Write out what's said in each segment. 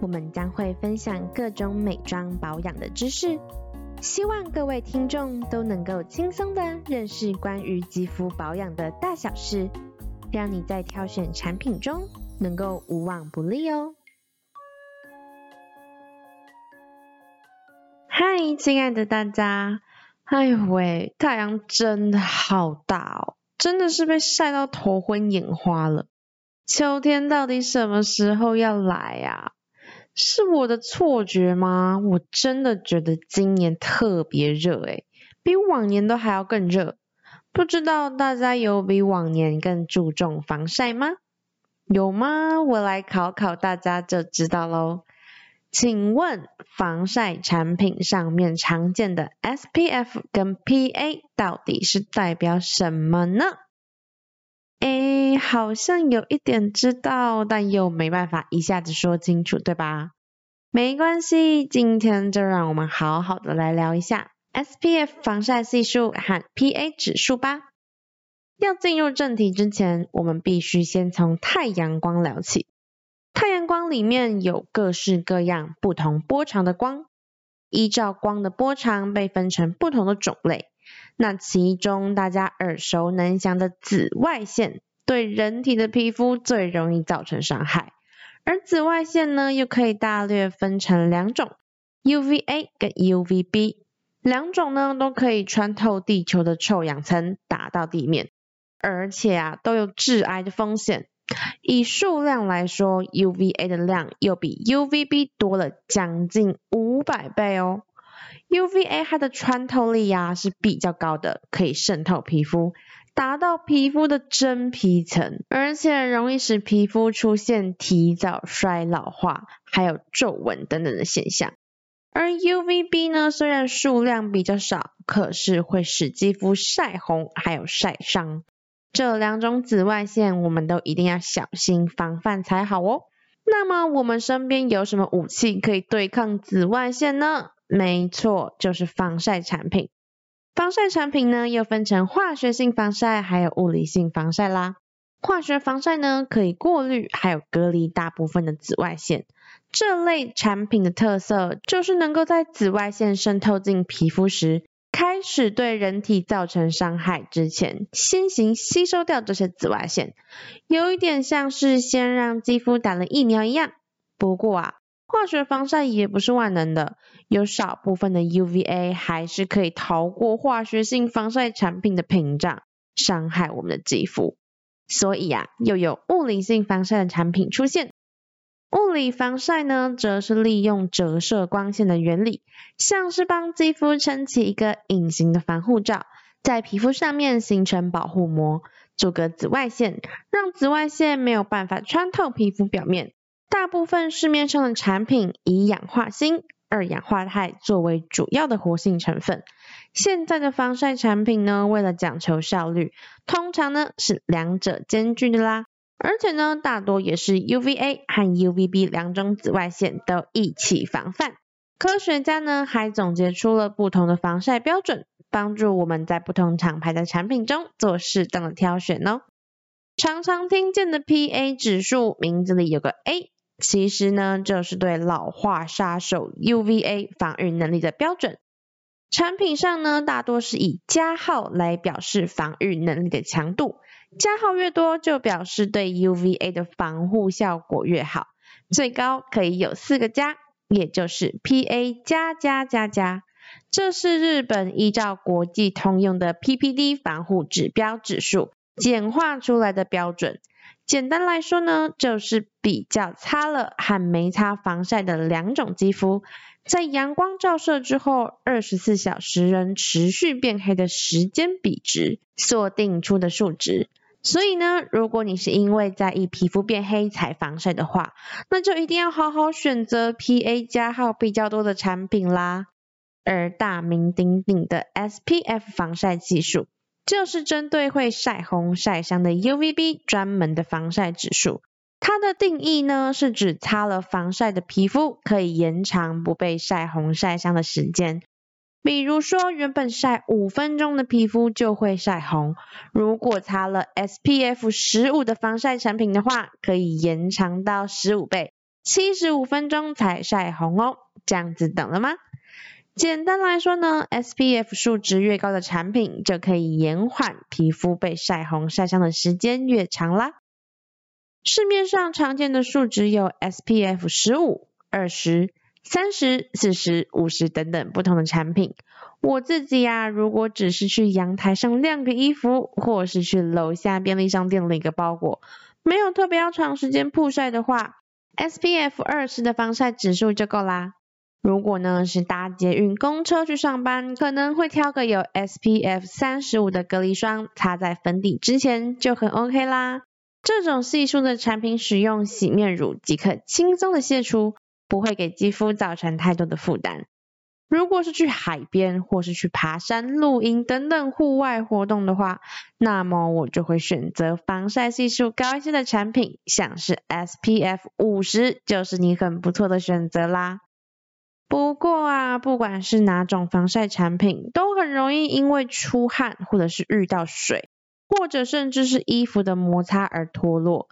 我們將會分享各種美妝保養的知識，希望各位聽眾都能夠輕鬆的認識關於肌膚保養的大小事，讓你在挑選產品中能夠無往不利哦。嗨，親愛的大家，哎呦喂，太陽真的好大哦，真的是被曬到頭昏眼花了。秋天到底什麼時候要來啊？是我的錯覺嗎？我真的覺得今年特別熱誒，誒比往年都還要更熱。不知道大家有比往年更注重防曬嗎？有嗎？我來考考大家就知道嘍。請問，防曬產品上面常見的 SPF 跟 PA 到底是代表什麼呢？誒，好像有一點知道，但又沒辦法一下子說清楚，對吧？沒關係，今天就讓我們好好的來聊一下 SPF 防曬係數和 PA 指數吧。要進入正題之前，我們必須先從太陽光聊起。太陽光裡面有各式各樣不同波長的光，依照光的波長被分成不同的種類。那其中大家耳熟能詳的紫外線，對人體的皮膚最容易造成傷害。而紫外線呢，又可以大略分成兩種，UVA 跟 UVB，兩種呢都可以穿透地球的臭氧層打到地面，而且啊都有致癌的風險。以數量來說，UVA 的量又比 UVB 多了將近五百倍哦。UVA 它的穿透力呀、啊、是比較高的，可以滲透皮膚，達到皮膚的真皮層，而且容易使皮膚出現提早衰老化，還有皺紋等等的現象。而 UVB 呢，雖然數量比較少，可是會使肌膚曬紅，還有曬傷。這兩種紫外線我們都一定要小心防範才好哦。那麼我們身邊有什麼武器可以對抗紫外線呢？沒錯，就是防曬產品。防曬產品呢，又分成化學性防曬，還有物理性防曬啦。化學防曬呢，可以過濾還有隔離大部分的紫外線。這類產品的特色，就是能夠在紫外線滲透進皮膚時，開始對人體造成傷害之前，先行吸收掉這些紫外線。有一點像是先讓肌膚打了疫苗一樣，不過啊，化學防曬也不是萬能的，有少部分的 UVA 還是可以逃過化學性防曬產品的屏障，傷害我們的肌膚。所以啊，又有物理性防曬的產品出現。物理防曬呢，則是利用折射光線的原理，像是幫肌膚撐起一個隱形的防護罩，在皮膚上面形成保護膜，阻隔紫外線，讓紫外線沒有辦法穿透皮膚表面。大部分市面上的產品以氧化鋅、二氧化鈦作為主要的活性成分。現在的防曬產品呢，為了講求效率，通常呢是兩者兼具的啦。而且呢，大多也是 UVA 和 UVB 兩種紫外線都一起防範。科學家呢還總結出了不同的防曬標準，幫助我們在不同廠牌的產品中做適當的挑選哦。常常聽見的 PA 指數，名字裡有個 A。其實呢，就是對老化殺手 UVA 防禦能力的標準。產品上呢，大多是以加號來表示防禦能力的強度，加號越多就表示對 UVA 的防護效果越好，最高可以有四個加，也就是 PA 加加加加。這是日本依照國際通用的 PPD 防護指標指數，簡化出來的標準。簡單來說呢，就是比較擦了和沒擦防曬的兩種肌膚，在陽光照射之後，二十四小時仍持續變黑的時間比值，鎖定出的數值。所以呢，如果你是因為在意皮膚變黑才防曬的話，那就一定要好好選擇 PA 加號比較多的產品啦。而大名鼎鼎的 SPF 防曬係數。就是針對會曬紅曬傷的 U V B 專門的防曬指數，它的定義呢，是指擦了防曬的皮膚可以延長不被曬紅曬傷的時間。比如說原本曬五分鐘的皮膚就會曬紅，如果擦了 S P F 十五的防曬產品的話，可以延長到十五倍，七十五分鐘才曬紅哦，這樣子懂了嗎？簡單來說呢，SPF 數值越高的產品，就可以延緩皮膚被曬紅、曬傷的時間越長啦。市面上常見的數值有 SPF 15、20、30、40、50等等不同的產品。我自己呀、啊，如果只是去陽台上晾個衣服，或是去樓下便利商店領一個包裹，沒有特別要長時間曝曬的話，SPF 20的防曬指數就夠啦。如果呢是搭捷運、公車去上班，可能會挑個有 SPF 35的隔離霜，擦在粉底之前就很 OK 啦。這種係數的產品使用洗面乳即可輕鬆的卸除，不會給肌膚造成太多的負擔。如果是去海邊或是去爬山、露營等等戶外活動的話，那麼我就會選擇防曬係數高一些的產品，像是 SPF 50就是你很不錯的選擇啦。不過啊，不管是哪種防曬產品，都很容易因為出汗，或者是遇到水，或者甚至是衣服的摩擦而脫落。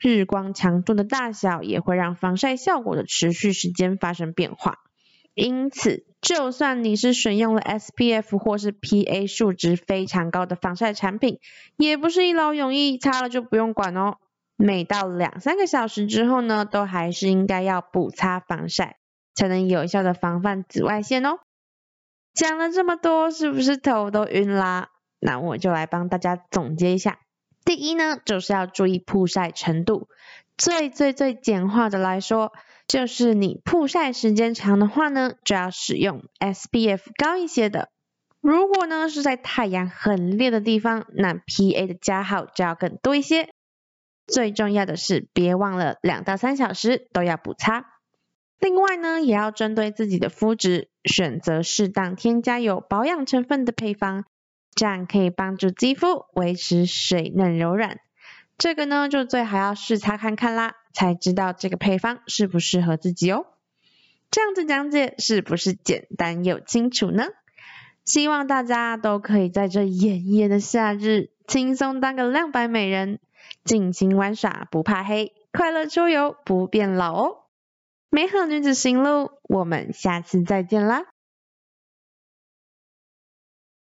日光強度的大小也會讓防曬效果的持續時間發生變化。因此，就算你是選用了 SPF 或是 PA 數值非常高的防曬產品，也不是一勞永逸，擦了就不用管哦。每到兩三個小時之後呢，都還是應該要補擦防曬。才能有效的防範紫外線哦。講了這麼多，是不是頭都暈啦？那我就來幫大家總結一下。第一呢，就是要注意曝曬程度，最最最簡化的來說，就是你曝晒時間長的話呢，就要使用 SPF 高一些的。如果呢是在太陽很烈的地方，那 PA 的加號就要更多一些。最重要的是，別忘了兩到三小時都要補擦。另外呢，也要針對自己的膚質，選擇適當添加有保養成分的配方，這樣可以幫助肌膚維持水嫩柔軟。這個呢，就最好要試擦看看啦，才知道這個配方適不適合自己哦。這樣子講解是不是簡單又清楚呢？希望大家都可以在這炎炎的夏日，輕鬆當個亮白美人，盡情玩耍不怕黑，快樂出遊不變老哦！美好女子行咯，我們下次再見啦！